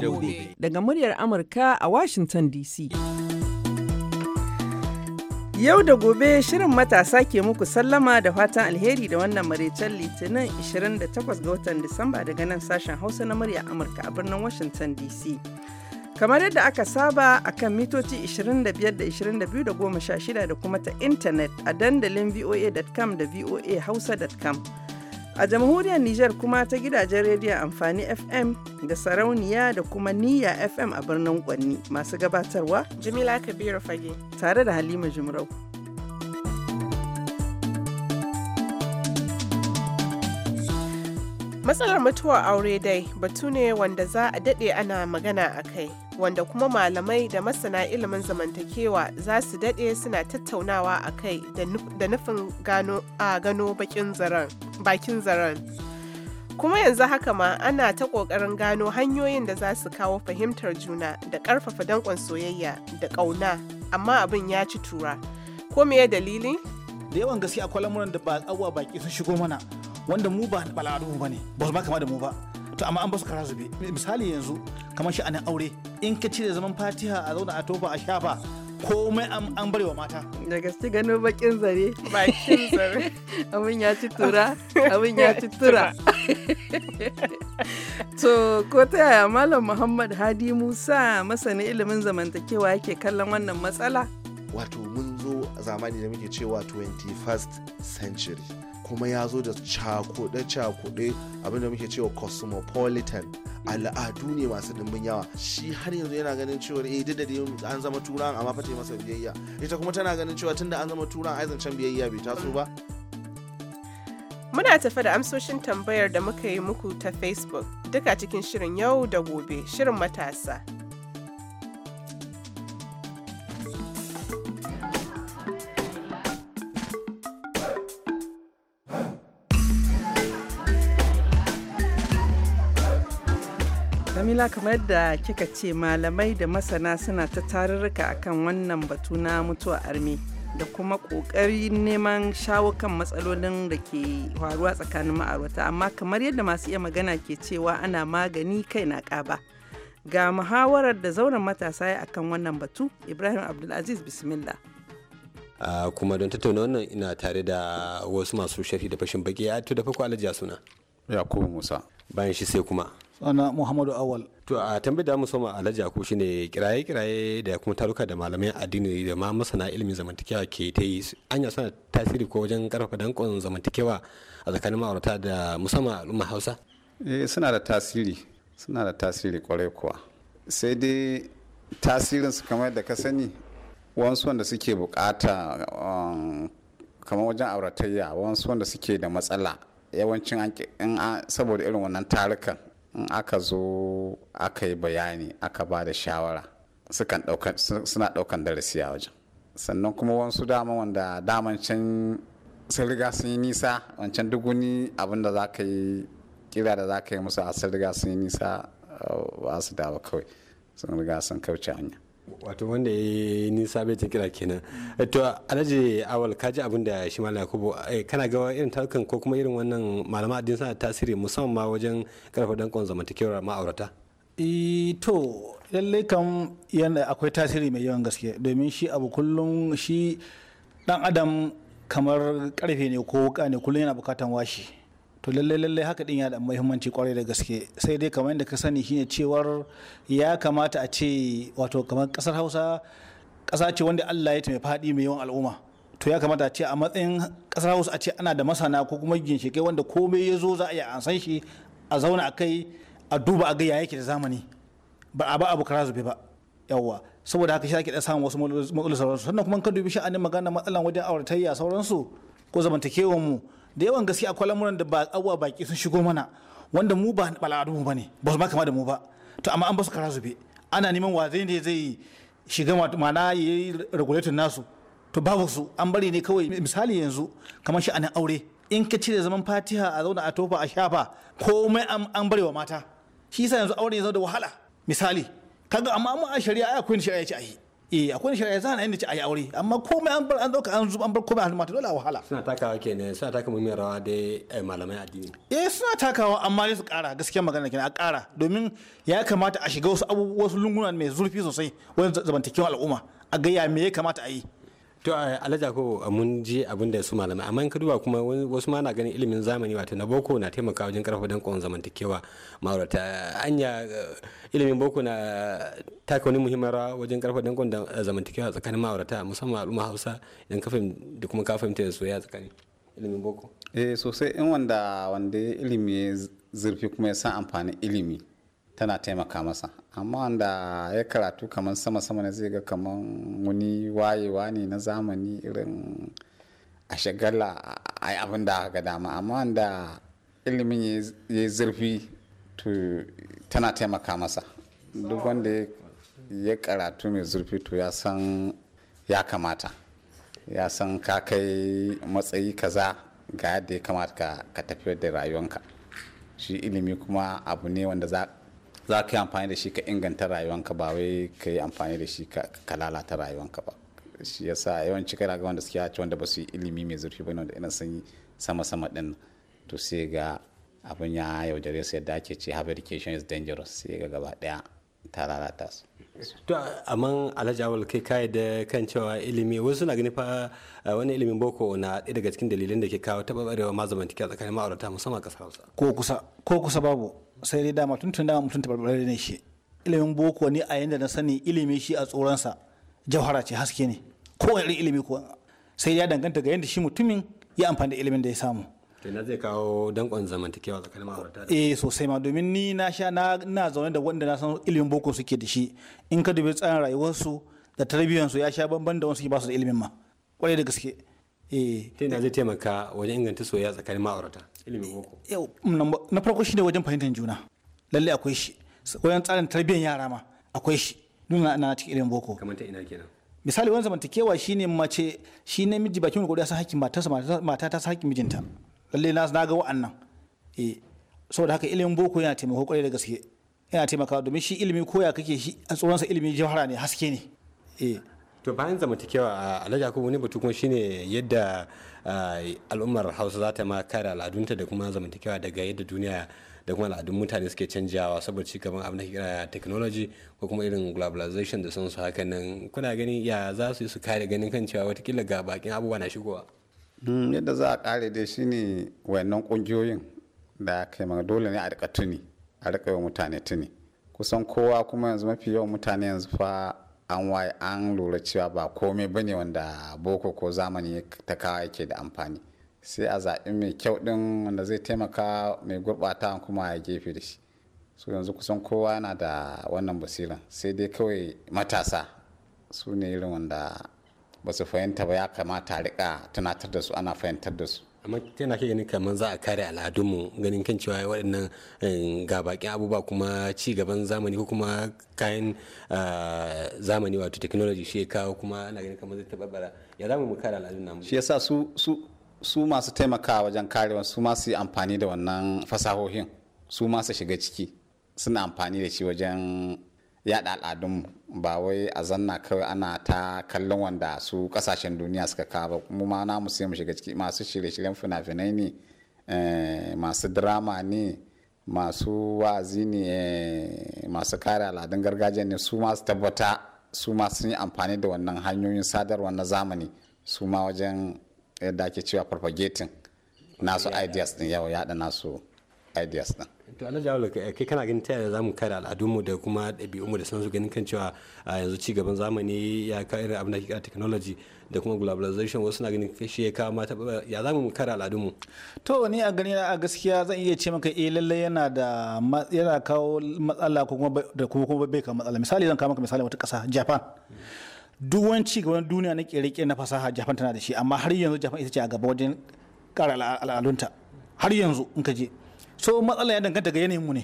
da gobe. Daga muryar Amurka a Washington DC. Yau da gobe shirin matasa ke muku sallama da fatan alheri da wannan maraicen litinin 28 ga watan Disamba daga nan sashen Hausa na muryar Amurka a birnin Washington DC. Kamar yadda aka saba a kan mitoci 25 da 26 da 16 da kuma ta intanet a dandalin voa.com da voahausa.com. A jamhuriyar Nijar kuma ta gidajen rediyon amfani FM da sarauniya da kuma niyya FM a birnin Gwanni masu gabatarwa Jamila Kabiru Fage tare da Halima Jumrau. matsalar mutuwar aure dai batu ne wanda za a daɗe ana magana a kai wanda kuma malamai da masana ilimin zamantakewa za su daɗe suna tattaunawa a kai da nufin gano bakin zaren kuma yanzu haka ma ana ta ƙoƙarin gano hanyoyin da za su kawo fahimtar juna da ƙarfafa danƙon soyayya da ƙauna amma abin ya ci tura ko me dalili da yawan gaskiya akwai lamuran da ba tsawa baki sun shigo mana wanda mu ba al'adunmu ba ne ba su ma kama da mu ba to amma an ba su kara zube misali yanzu kamar shi anan aure in ka cire zaman fatiha a zauna a tofa a shafa komai an barewa mata da gaske gano bakin zare bakin zare abin ya ci tura abin ya ci tura to ko ta yaya malam muhammad hadi musa masanin ilimin zamantakewa yake kallon wannan matsala wato mun zo zamani da muke cewa 21st century kuma ya zo da cakuɗe-cakuɗe abinda muke cewa cosmopolitan al'adu ne masu dimbin yawa shi har yanzu yana ganin cewa eh duk da an zama turan amma fata masa biyayya ita kuma tana ganin cewa tunda an zama turan ai zancen biyayya bai taso ba Muna tafe da amsoshin tambayar da muka yi muku ta Facebook duka cikin shirin yau da gobe shirin matasa. jamila kamar da kika ce malamai da masana suna ta tarurruka akan wannan batu na mutuwa arme da kuma ƙoƙarin neman shawo kan matsalolin da ke faruwa tsakanin ma'aurata amma kamar yadda masu iya magana ke cewa ana magani kai na ƙaba ga muhawarar da zauren matasa ya akan wannan batu ibrahim abdulaziz bismillah Uh, kuma don tattauna wannan ina tare da wasu masu shafi da fashin baki ya da fako alhaji suna yakubu musa bayan shi sai kuma sana muhammadu awal to a tambayi da musamman alhaji ko shine kiraye kiraye da kuma taruka da malamai addini da ma masana ilimin zamantakewa ke ta yi anya sana tasiri ko wajen karfafa dankon zamantakewa a tsakanin ma'aurata da musamman al'umma hausa eh suna da tasiri suna da tasiri kwarai kuwa sai dai tasirin su kamar da ka sani wasu wanda suke bukata um, kamar wajen auratayya wasu wanda suke da matsala yawancin saboda irin wannan tarukan in aka zo aka yi bayani aka ba da shawara suna ɗaukan darasi a wajen sannan kuma wasu dama wanda daman can sun riga sun yi nisa wancan duguni abinda abin za ka yi kira da za ka yi musu a sun riga sun yi nisa ba su ba kawai sun riga sun kauce hanya wato wanda ya yi nisa bai kira kenan to alhaji awal kaji abin da shi malam yakubu eh, kana ga irin tarukan ko kuma irin wannan malama addini sana tasiri musamman ma wajen karfa dankon zamantakewar ma'aurata eh, to lallai kam yana akwai tasiri mai yawan gaske domin shi abu kullum shi dan adam kamar karfe ne ko wuka ne kullum yana bukatan washi to lallai lallai haka din yana da muhimmanci kwarai da gaske sai dai kamar yadda ka sani shine cewar ya kamata a ce wato kamar kasar Hausa kasa ce wanda Allah ya mai faɗi mai yawan al'umma to ya kamata a ce a matsayin kasar Hausa a ce ana da masana ko kuma ginshike wanda komai ya zo za a yi a san shi a zauna a kai a duba a ga yake da zamani ba a ba abu kara zube ba yawwa saboda haka shi ake da samun wasu matsalolin sauransu sannan kuma ka dubi sha'anin magana matsalan wajen auratayya sauransu ko zamantakewan mu da yawan gaske akwai lamuran da ba abuwa baki sun shigo mana wanda mu ba al'adu mu bane ba su ma kama da mu ba to amma an ba su kara zube ana neman wa zai ne zai shiga mana ya yi regulator nasu to babu su an bari ne kawai misali yanzu kamar sha'anin aure in ka cire zaman fatiha a zauna a tofa a shafa komai an bari wa mata shi yasa yanzu aure ya zama da wahala misali kaga amma mu a shari'a akwai shari'a ya ce a yi eh akwai shari'a za na inda ce yi aure amma komai an bar an dauka an zuba an bar komai a dole a wahala suna takawa kenan suna taka muhimmiyar rawa dai eh, malamai addini eh suna takawa amma su kara gaskiya magana kenan a kara domin ya kamata a shiga wasu abubuwa wasu lunguna mai zurfi sosai wajen zamantakewa al'umma a gaya me ya kamata a yi to a alaja ko mun ji abin da su malamai amma in ka duba kuma wasu ma na ganin ilimin zamani wato na boko na taimaka wajen karfafa dankon zamantakewa ma'aurata anya eh, ilimin boko na taka wani muhimmin rawa wajen karfafa dankon eh, zamantakewa tsakanin ma'aurata musamman al'umma hausa idan ka da kuma ka fahimta da soyayya tsakanin ilimin boko eh sosai in wanda wanda ilimi zurfi kuma ya san amfani ilimi tana taimaka masa amma wanda ya karatu kamar sama-sama na zai ga kamar wani wayewa ne na zamani irin a shagala a yi abin da aka dama amma wanda ilimin ya zurfi to tana taimaka masa duk wanda ya karatu mai zurfi to ya san ya kamata ya san ka kai matsayi kaza ga yadda ya kamata ka tafi da rayuwanka shi ilimi kuma abu ne wanda za za ka yi amfani da shi ka inganta rayuwanka ba wai ka yi amfani da shi ka lalata rayuwanka ba shi yasa yawanci kai raga wanda suke haci wanda ba su yi ilimi mai zurfi ba wanda ina sun yi sama sama din to sai ga abin ya yaudare su yadda ake ce habitation is dangerous sai ga gaba daya ta lalata su to amma alhaji awal kai kai da kan cewa ilimi wasu na gani fa wani ilimin boko na ɗaya daga cikin dalilin da ke kawo taɓarɓarewa ma zamantakewa tsakanin ma'aurata musamman ƙasar hausa ko kusa ko kusa babu sai dai dama tun tun dama mutum tabarbarai ne shi ilimin boko ne a yanda na sani ilimi shi a tsoronsa jawhara ce haske ne ko irin ilimi ko sai ya danganta ga yadda shi mutumin ya amfani da ilimin da ya samu kenan zai kawo dankon zamantakewa tsakanin ma'aurata eh sosai ma domin ni na sha na zaune da wanda na san ilimin boko suke da shi in ka dubi tsarin rayuwarsu da tarbiyyarsu ya sha bamban da wasu ba su da ilimin ma kwarai da gaske Eh, ta yana zai taimaka wajen inganta soyayya tsakanin ma'aurata ilimin boko na farko shine wajen fahimtar juna lalle akwai shi wajen tsarin tarbiyyar yara ma akwai shi nuna na cikin ilimin boko kamar ta ina kenan misali wani zamantakewa shine mace shi namiji bakin gudu ya san hakkin matarsa mata ta san hakkin mijinta lalle na ga wa'annan eh saboda haka ilimin boko yana taimako kwarai da gaske yana taimakawa domin shi ilimi koya kake shi a sa ilimi jawhara ne haske ne eh to bayan zamantakewa alhaji akwai wani batu kuma shine yadda al'ummar hausa za ta ma kare al'adunta da kuma zamantakewa daga yadda duniya da kuma al'adun mutane suke canjawa saboda ci gaban abin da ke kira technology ko kuma irin globalization da sansu haka nan kuna gani ya za su yi su kare ganin kan cewa watakila ga bakin abubuwa na shigowa hmm, yadda za a kare dai shine wannan kungiyoyin da aka yi dole ne a rika tuni a rika yawan mutane tuni kusan kowa kuma yanzu mafi yawan mutane yanzu fa an waye an lura cewa ba komai ba ne wanda boko ko zamani ta kawo yake da amfani sai a zaɓi mai kyau ɗin wanda zai taimaka mai gurɓata kuma ya gefe da shi su yanzu kusan kowa yana da wannan basiran sai dai kawai matasa su ne irin wanda ba su fahimta ba ya kamata a riƙa tunatar da su ana fahimtar da su amma tana ke ganin kamar za a kare al'adunmu ganin kan cewa waɗannan eh, ga bakin abubuwa kuma ci gaban zamani ko kuma kayan eh, zamani wato technology shi ya kawo kuma ana ganin kamar zai taɓarɓara ya zamu mu kare al'adun namu shi yasa su su su masu taimakawa wajen karewa su ma su yi amfani da wannan fasahohin su ma su shiga ciki suna amfani da shi wajen yada al'adun ba wai a zanna kawai ana ta kallon wanda su kasashen duniya suka kawo kuma ma na mu mu shiga ciki masu shirye-shiryen fina-finai ne eh, masu drama ne masu wa'azi ne eh, masu kare al'adun gargajiya ne su masu tabbata su ma yi amfani da wannan hanyoyin sadarwa na zamani su ma wajen yadda ake cewa propagating nasu ideas din yau yada nasu ideas din to alhaji awala kai kana ganin ta yaya zamu kare al'adunmu da kuma ɗabi'unmu da sansu ganin kan cewa yanzu ci gaban zamani ya kawo irin abin da kira technology da kuma globalization wasu na ganin shi ya kawo mata ya zamu kare al'adunmu to ni a gani a gaskiya zan iya ce maka eh lalle yana da yana kawo matsala ko kuma da kuma kuma bai kawo matsala misali zan kawo maka misali wata ƙasa Japan duk wani ci gaban duniya na kere-kere na fasaha Japan tana da shi amma har yanzu Japan ita ce a gaba wajen kare al'adunta har yanzu in ka je so matsala ya danganta ga yanayin mu ne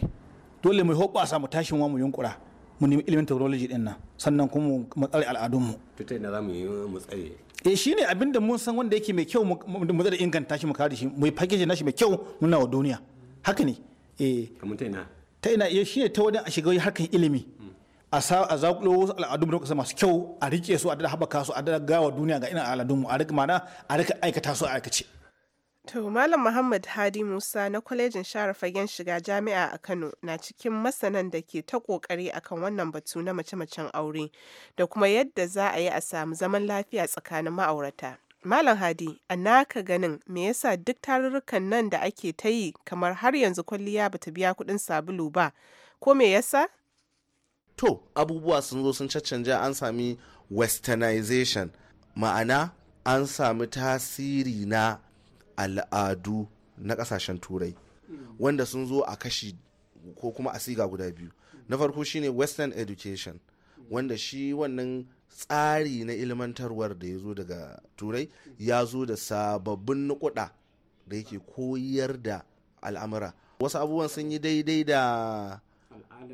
dole mu a samu tashin wa mu yunkura mu nemi ilimin technology din nan sannan kuma mu tsare al'adunmu tutai na zamu yi mu tsare eh shine abin da mun san wanda yake mai kyau mu tsare inganta shi mu kare shi mu package nashi mai kyau mun wa duniya haka ne eh kamar ta ina ta ina eh shine ta wajen a shiga harkan ilimi a sa a zaƙulo wasu al'adun da kasa masu kyau a rike su a dada haɓaka su a dada gawa duniya ga ina al'adunmu a rika mana a rika aikata su a aikace To Malam Muhammad Hadi Musa na kwalejin share fagen shiga jami'a a Kano na cikin masanan da ke ta kokari akan wannan batu na mace-macen aure da kuma yadda za a yi a samu zaman lafiya tsakanin ma'aurata. Malam Hadi, a naka ganin me yasa duk tarurrukan nan da ake ta yi kamar har yanzu kwalliya bata biya kuɗin sabulu ba, ko me yasa? To, abubuwa sun zo sun caccanja an sami westernization, ma'ana an sami tasiri na al'adu na kasashen turai wanda sun zo a kashi ko kuma a siga guda biyu na farko shine western education wanda shi wannan tsari na ilmantarwar da ya zo daga turai ya zo da sababbin nukuda da yake koyar da al'amura wasu abubuwan sun yi daidai da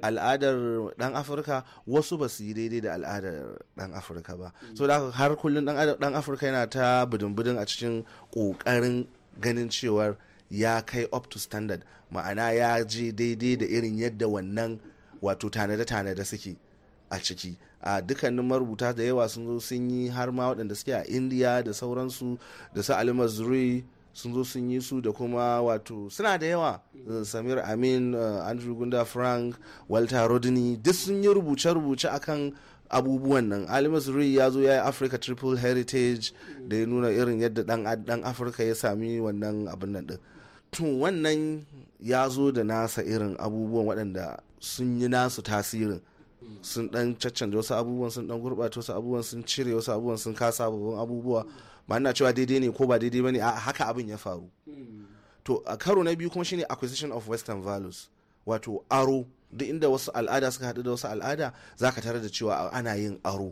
al'adar dan afirka wasu ba su yi daidai da al'adar dan afirka ba mm. so da har kullum dan afirka yana ta budin a cikin kokarin ganin cewar ya kai up to standard ma'ana ya je daidai da irin yadda wannan wato tanada-tanada suke a ciki a dukkanin marubuta da yawa sun sun yi har ma waɗanda suke a indiya da sauransu da su alimazuri sun zo sun yi su da kuma wato suna da yawa mm. samir amin uh, andrew gunda frank walter rodney duk sun yi rubuce-rubuce akan abubuwan nan alimus ri ya zo ya yi africa triple heritage mm. da ya nuna irin yadda dan afirka ya sami wannan abin nan din tun wannan ya zo da nasa irin abubuwan waɗanda sun yi nasu tasirin mm. sun dan caccanje wasu abubuwan sun dan gurɓata wasu abubuwan sun cire wasu abubuwan sun kasa babban abubuwa ba na cewa daidai ne ko ba daidai bane a haka abin ya faru to a karo na biyu kuma shine acquisition of western values wato aro duk inda wasu al'ada suka hadu da wasu al'ada zaka tarar da cewa ana yin aro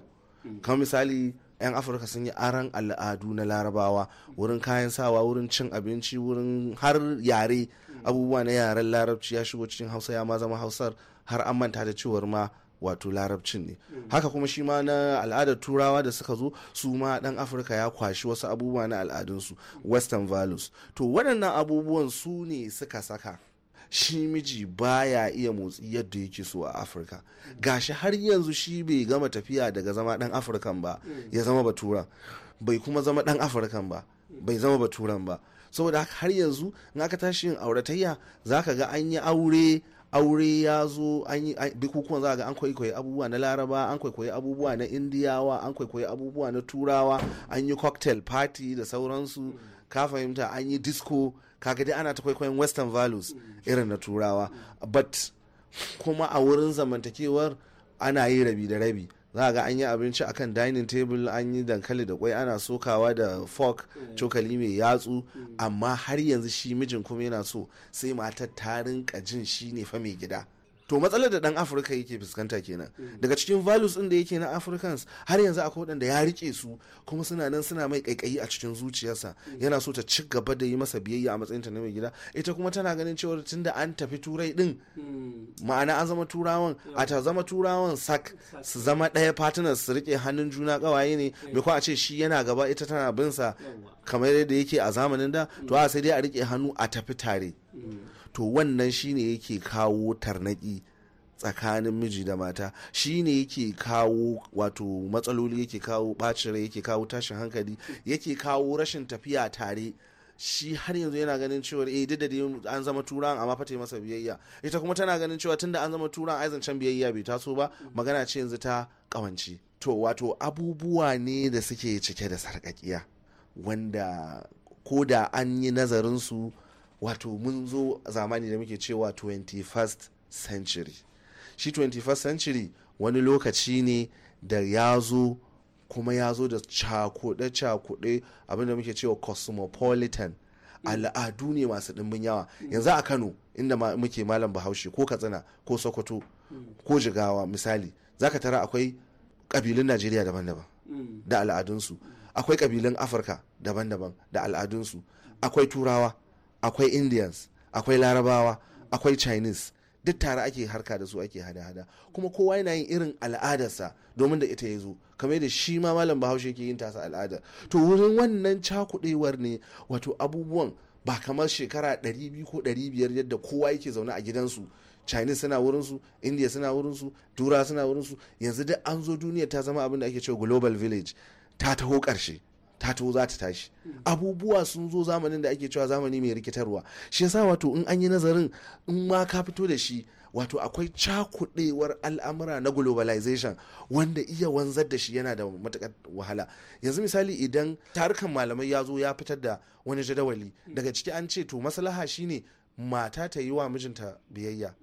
kamar misali 'yan afirka sun yi aron al'adu na larabawa wurin kayan sawa wurin cin abinci wurin har yare abubuwa na yaren larabci ya shigo cikin hausa ya ma zama hausar har an manta da cewar ma wato larabcin ne haka kuma shi ma na al'adar turawa da suka zo su ma dan afirka ya kwashi wasu abubuwa na al'adunsu western values to waɗannan abubuwan su ne suka saka shi miji baya iya motsi yadda yake so a afirka gashi har yanzu shi bai gama tafiya daga zama dan afirkan ba ya zama baturan bai kuma zama dan afirkan ba bai zama baturan ba saboda har yanzu in aka tashi yin auratayya za ka ga an yi aure aure ya zo an yi bukukuwan za ga an kwaikwayi abubuwa na laraba an kwaikwayi abubuwa na indiyawa an kwaikwayi abubuwa na turawa an yi cocktail party da sauransu ka fahimta an yi disco kaga dai ana ta kwaikwayon western values irin na turawa but kuma a wurin zamantakewar ana yi rabi da rabi za a ga an yi abinci akan dining table an yi dankali da kwai ana sokawa da fork mm. cokali mai yatsu mm. amma har yanzu shi mijin kuma yana so sai matar ta rinka jin shi ne fa mai gida to matsalar da dan afirka yake fuskanta kenan mm. daga cikin values din da yake na africans har yanzu akwai waɗanda ya rike su kuma suna nan suna mai kaikayi a cikin zuciyarsa mm. yana so ta ci gaba da yi masa biyayya a matsayin ta na mai gida ita kuma tana ganin cewa tunda an tafi turai din mm. ma'ana an zama turawan a ta zama turawan sak su zama ɗaya partners su rike hannun juna kawaye ne mai kwa a ce shi yana gaba ita tana bin sa kamar yadda yake a zamanin da to a sai dai a rike hannu a tafi tare to wannan shine yake kawo tarnaki tsakanin miji da mata shine yake kawo wato matsaloli yake kawo bacin rai yake kawo tashin hankali yake kawo rashin tafiya tare shi har yanzu yana ganin cewa eh duk da an zama turan amma fate masa biyayya ita kuma tana ganin cewa tunda an zama turan ai can biyayya bai taso ba magana ce yanzu ta kawanci to wato abubuwa ne da suke cike da sarkakiya wanda ko da an yi nazarin su wato mun zo zamani da muke cewa 21st century shi 21st century wani lokaci ne da ya zo kuma ya zo da cakuɗe-cakuɗe abinda muke cewa cosmopolitan mm. al'adu ne masu ɗimbin yawa mm. yanzu a kano inda muke malam bahaushe ko katsina ko sokoto mm. ko jigawa misali zaka tara akwai ƙabilun najeriya daban-daban da al'adunsu akwai ƙabilun afirka daban-daban da al'adunsu akwai turawa akwai indians akwai larabawa akwai chinese duk tare ake harka da su ake hada-hada kuma kowa yana yin irin al'adarsa domin da ita ya zo kamar yadda shi ma malam bahaushe ke yin tasa al'ada to wurin wannan cakudewar ne wato abubuwan ba kamar shekara 200 ko 500 yadda kowa yake zaune a gidansu chinese suna wurinsu india suna wurinsu tura suna wurinsu yanzu duk an zo duniya ta zama abin da ake cewa global village ta taho karshe ta to za ta tashi abubuwa sun zo zamanin da ake cewa zamani mai rikitarwa shi yasa wato in an yi nazarin in ma ka fito da shi wato akwai cakuɗewar al'amura na globalization wanda iya wanzar da shi yana da matuƙar wahala yanzu misali idan tarukan malamai ya zo ya fitar da wani jadawali daga ciki an ce to maslaha shine mata ta yi wa mijinta biyayya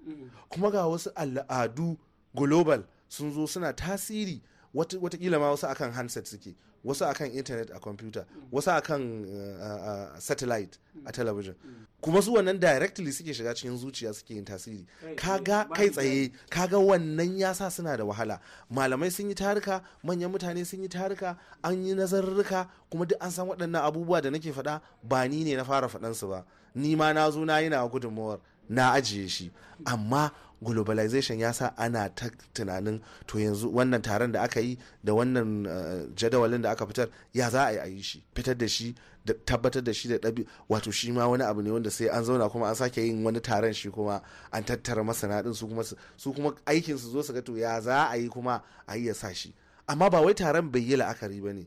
kuma ga wasu al'adu global sun zo suna tasiri watakila ma wasu akan handset suke wasu akan intanet a kwamfuta wasu akan eh, eh, eh, satellite a talabijin kuma su wannan directly suke shiga cikin zuciya suke yin tasiri kaga kai tsaye kaga wannan ya sa suna da wahala malamai sun yi tarika manyan mutane sun yi tarika an yi nazarruka kuma duk an san waɗannan abubuwa da nake faɗa ba ni ne na fara faɗansu ba ni ma na zo na yi na gudunmawar na ajiye shi amma globalization ya sa ana ta tunanin to yanzu wannan taron da aka yi da wannan eh, jadawalin da aka fitar ya za a yi a yi shi fitar da shi da tabbatar da shi da ɗabi wato shi ma wani abu ne wanda sai an zauna kuma an sake yin wani taron shi kuma an tattara masana din su kuma su aikin su zo su ga to ya za a yi kuma a yi ya sa shi amma ba wai taron bai yi la'akari ba ne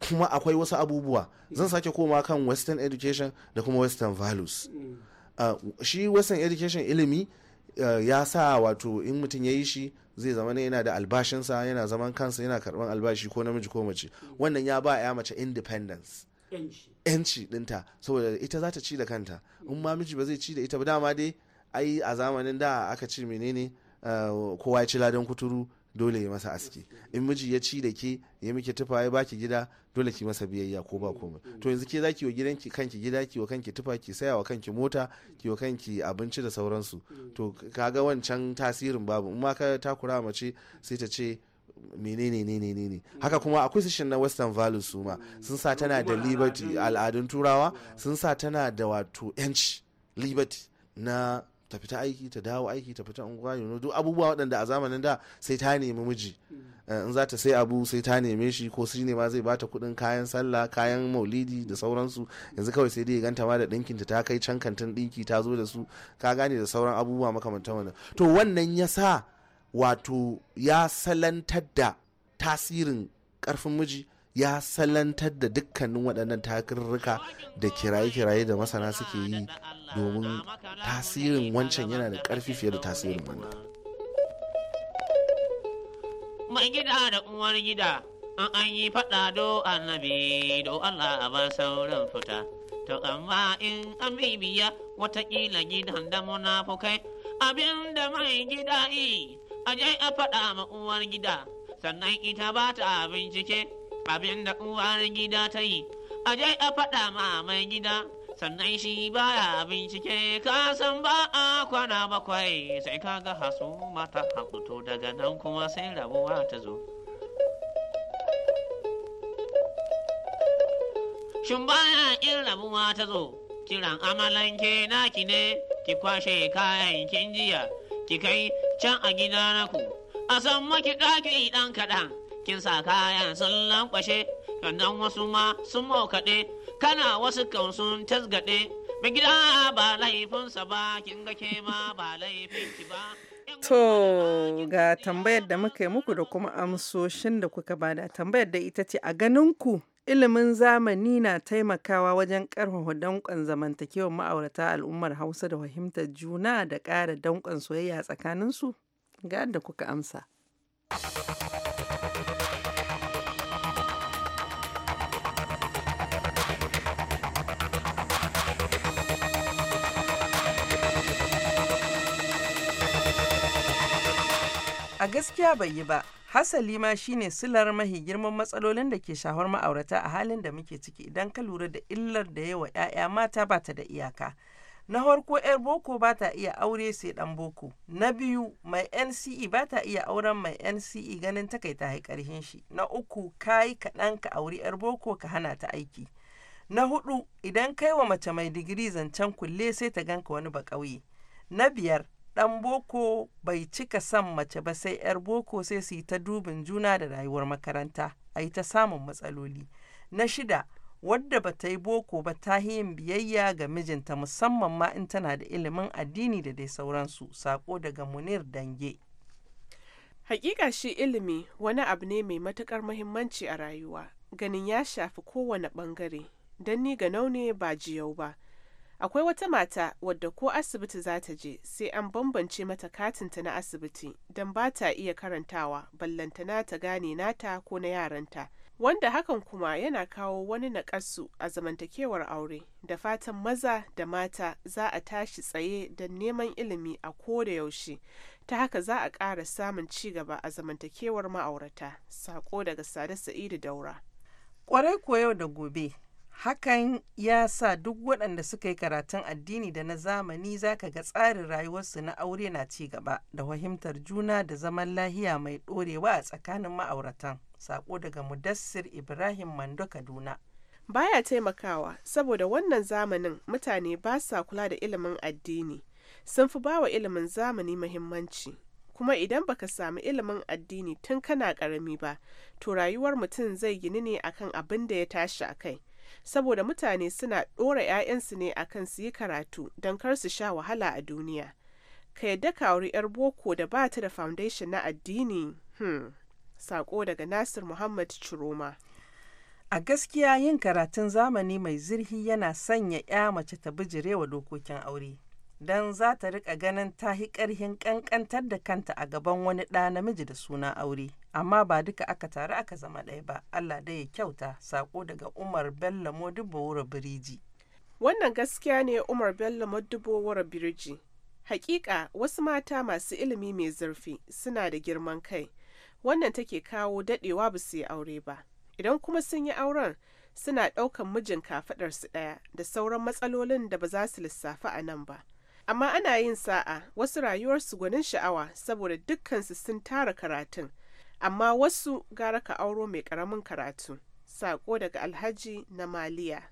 kuma akwai wasu abubuwa zan sake koma kan western education da kuma western values mm. shi wasan education ilimi ya sa wato in mutum ya yi shi zai zama ne yana da albashinsa yana zaman kansa yana karban albashi ko namiji ko mace wannan ya ba ya mace independence yanci dinta saboda ita za ta ci da kanta in ma miji ba zai ci da ita ba dama dai ai a zamanin da aka ci menene kowa ya ci ladan kuturu dole ya masa aski in miji ya ci da ke ya miki tufa ya baki gida dole ki masa biyayya ko ba komai to yanzu ke za ki wa gidanki kanki gida ki wa kanki tufa ki saya wa kanki mota ki wa kanki abinci da sauransu to kaga wancan tasirin babu in ma ka takura mace sai ta ce menene ne ne ne ne haka kuma akwai sashen na western values su ma sun sa tana da liberty al'adun turawa sun sa tana da wato yanci liberty na ta fita aiki ta dawo aiki ta fita unguwa yi duk abubuwa waɗanda a zamanin da sai ta nemi miji mm. eh, in za ta sai abu sai ta neme shi ko shi ne ma zai bata kuɗin kayan sallah kayan maulidi da sauransu yanzu kawai sai dai ganta ma da ɗinkin ta ta kai can kantin ɗinki ta zo da su ka gane da sauran abubuwa makamantan wannan to wannan ya sa wato ya salantar da tasirin ƙarfin miji ya salantar da dukkanin waɗannan takarruka da kiraye-kiraye da masana suke yi domin tasirin wancan yana da ƙarfi fiye da tasirin wannan. Mai gida da uwar gida an an yi faɗa do annabi do Allah a sauran fita. To amma in an bibiya watakila gidan da munafukai abin da mai gida yi a a faɗa ma uwar gida sannan ita ba ta bincike. abin da uwar gida ta yi a je a faɗa ma mai gida sannan shi baya bincike ka san ba a kwana bakwai sai ka ga hasu mata hakuto daga nan kuma sai rabuwa ta zo shin baya in rabuwa ta zo kiran amalanke naki ne ki kwashe kayan kin jiya ki kai can a gida naku a san maki ɗaki ɗan kaɗan kin sa kayan sun lankwashe kannan wasu ma sun maukaɗe kana wasu kan sun tasgaɗe gida ba laifinsa ba kin ga ke ma ba laifinki ba To ga tambayar da muka yi muku da kuma amsoshin da kuka bada tambayar da ita ce a ganinku ilimin zamani na taimakawa wajen karfafa danƙon zamantakewar ma'aurata al'ummar hausa da fahimtar juna da ƙara danƙon soyayya tsakaninsu ga da kuka amsa. A gaskiya bai yi ba, hasali ma shine silar mahi girman matsalolin da ke shahar ma'aurata a halin da muke ciki idan ka lura da illar da yawa 'ya'ya mata ba ta da iyaka. Na farko 'yar boko ba ta iya aure sai ɗan boko. Na biyu mai NCE ba ta iya auren mai NCE ganin takai ta hai karshen shi. Na uku kai kaɗan ka auri 'yar boko ka hana ta aiki. Na hudu idan kai wa mace mai digiri zancen kulle sai ta ganka wani ba ƙauye. Na biyar ɗan boko bai cika son mace ba sai 'yar boko sai su yi ta dubin juna da rayuwar makaranta a yi ta samun matsaloli na shida wadda ba ta yi boko ba ta yin biyayya ga mijinta musamman ma in tana da ilimin addini da dai sauransu sako daga munir dange Hakika shi ilimi wani abu ne mai matukar muhimmanci a rayuwa ganin ya shafi kowane bangare don ni ga naune ba jiyau ba Akwai wata mata wadda ko asibiti za ta je sai an bambance mata katinta na asibiti don ba ta iya karantawa ballantana ta gane nata ko na yaranta. Wanda hakan kuma yana kawo wani naƙasu a zamantakewar aure da fatan maza da mata za a tashi tsaye don neman ilimi a koda yaushe ta haka za a ƙara samun ci gaba a zamantakewar ma'aurata. Sako daga Sada Sa'idu Daura. Ƙwarai ko yau da gobe. Hakan ya sa duk waɗanda suka yi karatun addini da na zamani za ka ga tsarin rayuwarsu na aure na ci gaba da fahimtar juna da zaman lahiya mai ɗorewa a tsakanin ma'auratan. Sako daga Mudassir Ibrahim Mando Kaduna. Baya taimakawa saboda wannan zamanin mutane ba sa kula da ilimin addini, sun fi ba wa ilimin zamani muhimmanci. kuma idan baka samu ilimin addini tun kana karami ba, to rayuwar mutum zai gini ne akan abin da ya tashi a kai. saboda mutane suna ɗora 'ya'yansu ne akan su yi karatu don kar su sha wahala a duniya. Ka yadda kawari 'yar boko da ba ta da foundation na addini, hmm. Sako daga Nasir Muhammad Chiroma. A gaskiya yin karatun zamani mai zurfi yana sanya 'ya mace ta bijirewa dokokin aure. don za ta rika ganin ta yi ƙarhin ƙanƙantar da kanta a gaban wani ɗa namiji da suna aure amma ba duka aka taru aka zama ɗaya ba Allah dai ya kyauta sako daga Umar Bello Modibo Wura Biriji wannan gaskiya ne Umar Bello Modibo Wura Biriji hakika wasu mata masu ilimi mai zurfi suna da girman kai wannan take kawo daɗewa ba su yi aure ba idan kuma sun yi auren suna ɗaukan mijin kafaɗarsu ɗaya da sauran matsalolin da ba za su lissafi a nan ba. amma ana yin sa'a wasu rayuwarsu gwanin sha'awa saboda dukkansu sun tara karatun amma wasu gara ka auro mai karamin karatu sako daga alhaji na maliya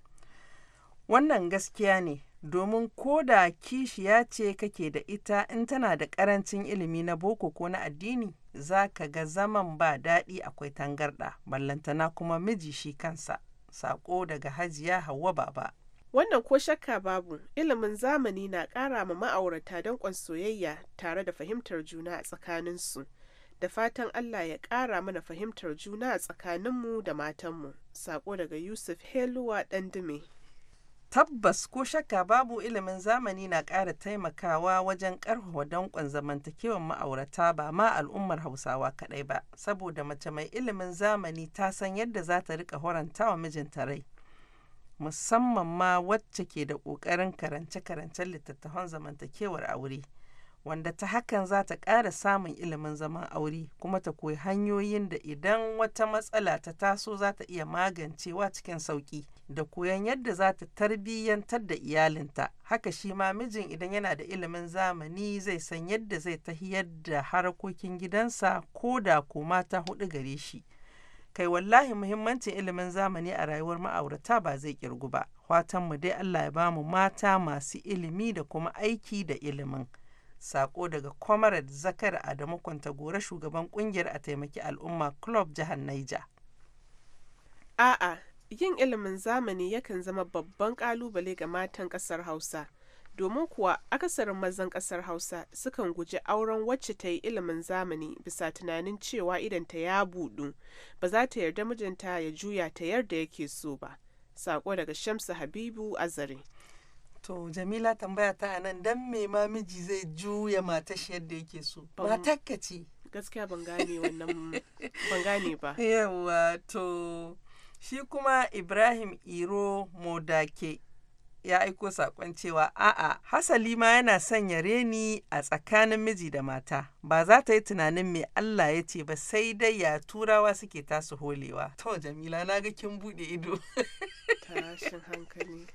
wannan gaskiya ne domin ko da kishiya ce kake da ita in tana da karancin ilimi na boko ko na addini za ka ga zaman ba daɗi akwai tangarɗa ballantana kuma miji shi kansa sako daga hajiya hawa baba Wannan ko shakka babu, ilimin zamani na ƙara ma ma'aurata danƙon soyayya tare da fahimtar juna a tsakaninsu. Da fatan Allah ya ƙara mana fahimtar juna a tsakaninmu da matanmu. Sako daga Yusuf Heluwa Ɗandume. Tabbas ko shakka babu ilimin zamani na ƙara taimakawa wajen ƙarfafa danƙon zamantakewan ma'aurata ba ma al'ummar Hausawa kaɗai ba, saboda mace mai ilimin zamani ta san yadda za ta riƙa wa mijinta rai. musamman ma wacce ke da ƙoƙarin karance-karancen littattafan zamantakewar aure, wanda ta hakan za ta ƙara samun ilimin zaman aure kuma ta koyi hanyoyin da idan wata matsala ta taso za ta iya magancewa cikin sauƙi, da koyon yadda za ta tarbiyyantar da iyalinta. Haka shi ma mijin idan yana da ilimin zamani zai san yadda zai tahiyar da harkokin gidansa ko da ko mata hudu gare shi. kai wallahi muhimmancin ilimin zamani a rayuwar ma'aurata ba zai kirgu ba watan mu dai Allah ya bamu mata masu ilimi da kuma aiki da ilimin sako daga comrade zakar adamu kwantagora shugaban kungiyar a taimaki al'umma club jihar Naija. a'a yin ilimin zamani yakan zama babban kalubale ga matan kasar hausa domin kuwa akasarin mazan ƙasar Hausa sukan guji auren wacce ta yi ilimin zamani bisa tunanin cewa idanta ya buɗu ba za ta yarda mijinta ya juya ta yarda yake so ba. Sako daga Shamsu Habibu Azare. To Jamila tambaya ta nan dan me ma miji zai juya shi yadda yake so. ce. Gaskiya ban gane wannan ban ba. Yawa to shi kuma Ibrahim Iro Modake ya aiko saƙon cewa a'a hasali ma yana sanya reni a tsakanin miji da mata ba za ta yi tunanin mai Allah ya ce ba sai dai ya turawa suke tasu holewa to jamila na ga kin bude ido tashin hankali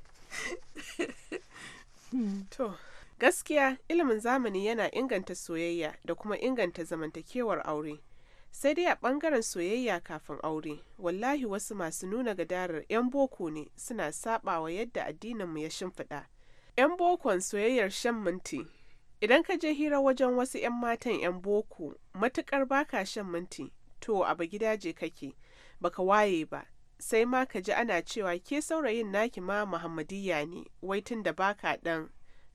to gaskiya ilimin zamani yana inganta soyayya da kuma inganta zamantakewar aure sai dai a ɓangaren soyayya kafin aure wallahi wasu masu nuna gadarar 'yan boko ne suna saɓawa yadda addininmu ya shimfiɗa 'yan bokon soyayyar shan minti idan ka je hira wajen wasu 'yan matan 'yan boko matuƙar baka shan minti to a ba gidaje kake baka waye ba sai ma ka ji ana cewa ke saurayin naki ma muhammadiyya ne wai tun da baka ɗan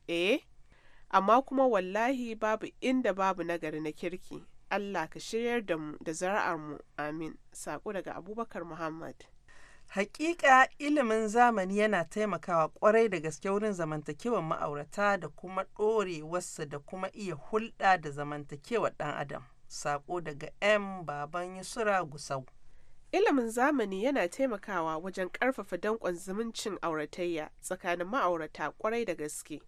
eh amma kuma wallahi babu inda babu nagari na kirki Allah ka shiryar da mu da zara'armu amin Saƙo daga abubakar muhammad Hakika ilimin zamani yana taimakawa kwarai da gaske wurin zamantakewar ma'aurata da kuma ɗorewarsa da kuma iya hulɗa da zamantakewa ɗan adam. Saƙo daga M Baban Yusura Gusau. Ilimin zamani yana taimakawa wajen ƙarfafa danƙon zumuncin auratayya tsakanin ma'aurata kwarai da gaske.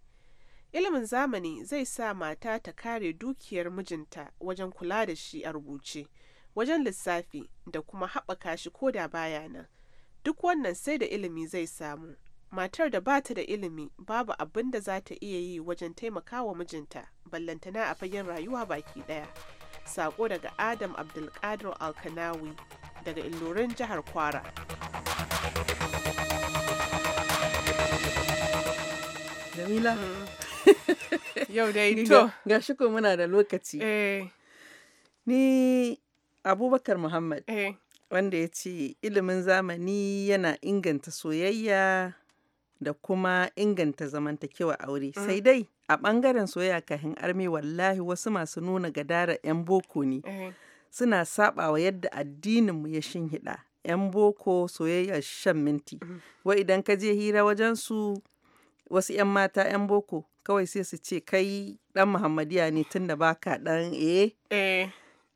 Ilimin zamani zai sa mata ta kare dukiyar mijinta wajen kula da shi a rubuce, wajen lissafi da kuma haɓaka shi ko baya nan. Duk wannan sai da ilimi zai samu. Matar da ba ta da ilimi babu abin da za ta iya yi wajen taimakawa mijinta, ballantana a fagen rayuwa baki ɗaya. Sako daga Adam Abdulkadir Alkanawi daga illorin jihar Kwara. Yau dai to. Ga shi muna da lokaci. Eh. Ni Abubakar Muhammad. Eh. Wanda ya ce ilimin zamani yana inganta soyayya da kuma inganta zamantakewa aure. Mm. Sai dai a ɓangaren soyayya kahin armi wallahi wasu masu nuna gadara 'yan boko ne. Eh. Suna sabawa yadda addininmu ya shin shinhiɗa. 'yan boko soyayya shan minti mm. wa idan ka je hira wajen su wasu 'yan mata 'yan boko kawai sai su ce kai dan muhammadiya ne tun da baka dan eh. eh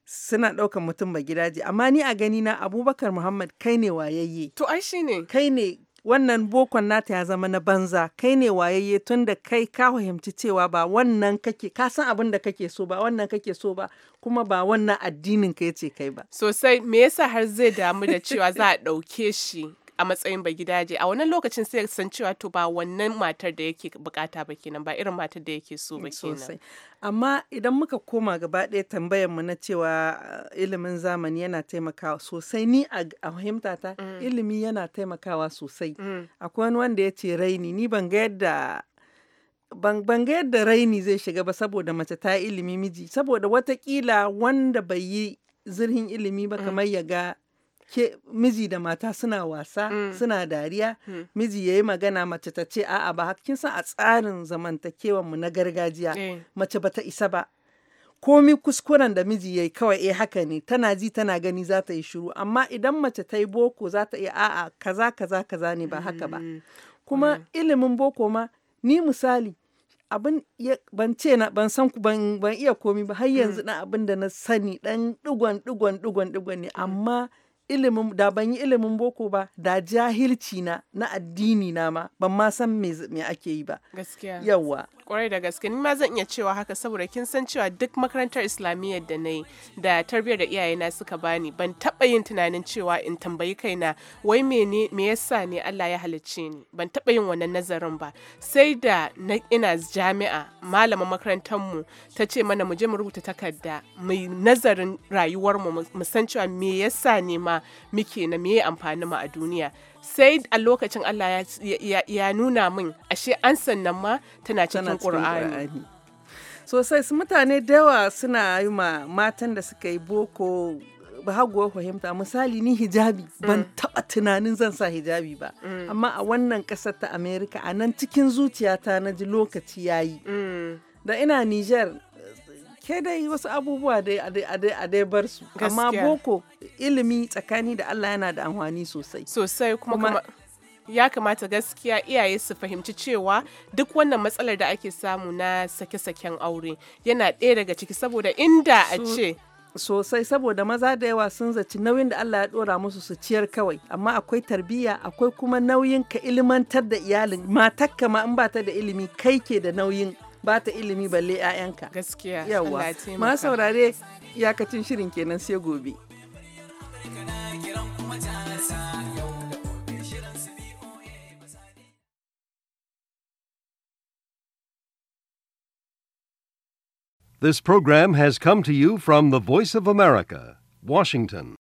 suna ɗaukar mutum ba gidaje amma ni a gani na abubakar muhammad kai ne wayayye to ai shine kai ne wannan bokon nata ya zama na banza kai ne wayayye tun da kai ka fahimci cewa ba wannan kake ka san abin da kake so ba wannan kake so ba kuma ba wannan addinin ka yace kai ba sosai me yasa har zai damu da cewa za a ɗauke shi a matsayin gidaje a wannan lokacin sai san cewa to ba wannan matar da yake bukata ba kenan ba irin matar da yake so ba kenan amma idan muka koma gaba ɗaya tambayar mu na cewa eh, ilimin zamani yana taimakawa sosai ni a fahimta ta mm. ilimi yana taimakawa sosai mm. akwai wani wanda yace ce raini ni ban ga yadda ban ga yadda raini zai shiga ba saboda mace ta ilimi miji saboda watakila wanda bai yi zirhin ilimi ba mm. kamar ya ga ke miji da mata suna wasa mm. suna dariya mm. miji ya yi magana mace ta ce a'a ba kin sa a tsarin zamantakewan mu na gargajiya mm. mace bata isa ba komi kuskuren da miji ya yi kawai eh haka ne tana ji tana gani za ta yi shiru amma idan mace ta yi boko za ta iya a'a kaza kaza kaza ne ba haka ba mm. kuma ilimin boko ma ni misali abin ban ce na ban san ku ban iya komi ba har mm. yanzu na abin da na sani dan digon digon digon digon ne mm. amma mm. ilimin da ban yi ilimin boko ba da jahilci na na addini na ma ban ma san me ake yi ba gaskiya yawa kwarai da gaske ni ma zan iya cewa haka saboda kin san cewa duk makarantar islamiyyar da na da tarbiyyar da iyayena suka bani ban taba yin tunanin cewa in tambayi kaina wai mene me yasa ne Allah ya halicce ni ban taba yin wannan nazarin ba sai da na ina jami'a malama makarantar mu ta ce mana mu je mu rubuta takarda mu nazarin rayuwar mu mu san cewa me yasa ne ma muke na me amfani mu a duniya sai a lokacin Allah ya nuna min ashe an sannan ma tana cikin ƙur'ani. sosai su mutane da yawa suna yi ma matan da suka yi boko haguwar fahimta misali ni hijabi ban mm. taba tunanin zan sa hijabi ba mm. amma a wannan kasar ta america a nan cikin zuciyata na ji lokaci yayi mm. da ina niger ke dai wasu abubuwa dai a dai bar su amma boko ilimi tsakani da Allah yana da amfani sosai sosai kuma ya kamata gaskiya iyaye su fahimci cewa duk wannan matsalar da ake samu na sake-saken aure yana ɗaya daga ciki saboda inda a ce sosai saboda maza da yawa sun zaci nauyin da Allah ya ɗora musu su ciyar kawai amma akwai tarbiyya akwai kuma nauyin ka ilimantar da iyalin matakka ma in ba ta da ilimi kai ke da nauyin ba ta ilimi balle 'ya'yanka gaskiya yawa ma saurare iyakacin shirin kenan sai gobe This program has come to you from the Voice of America, Washington.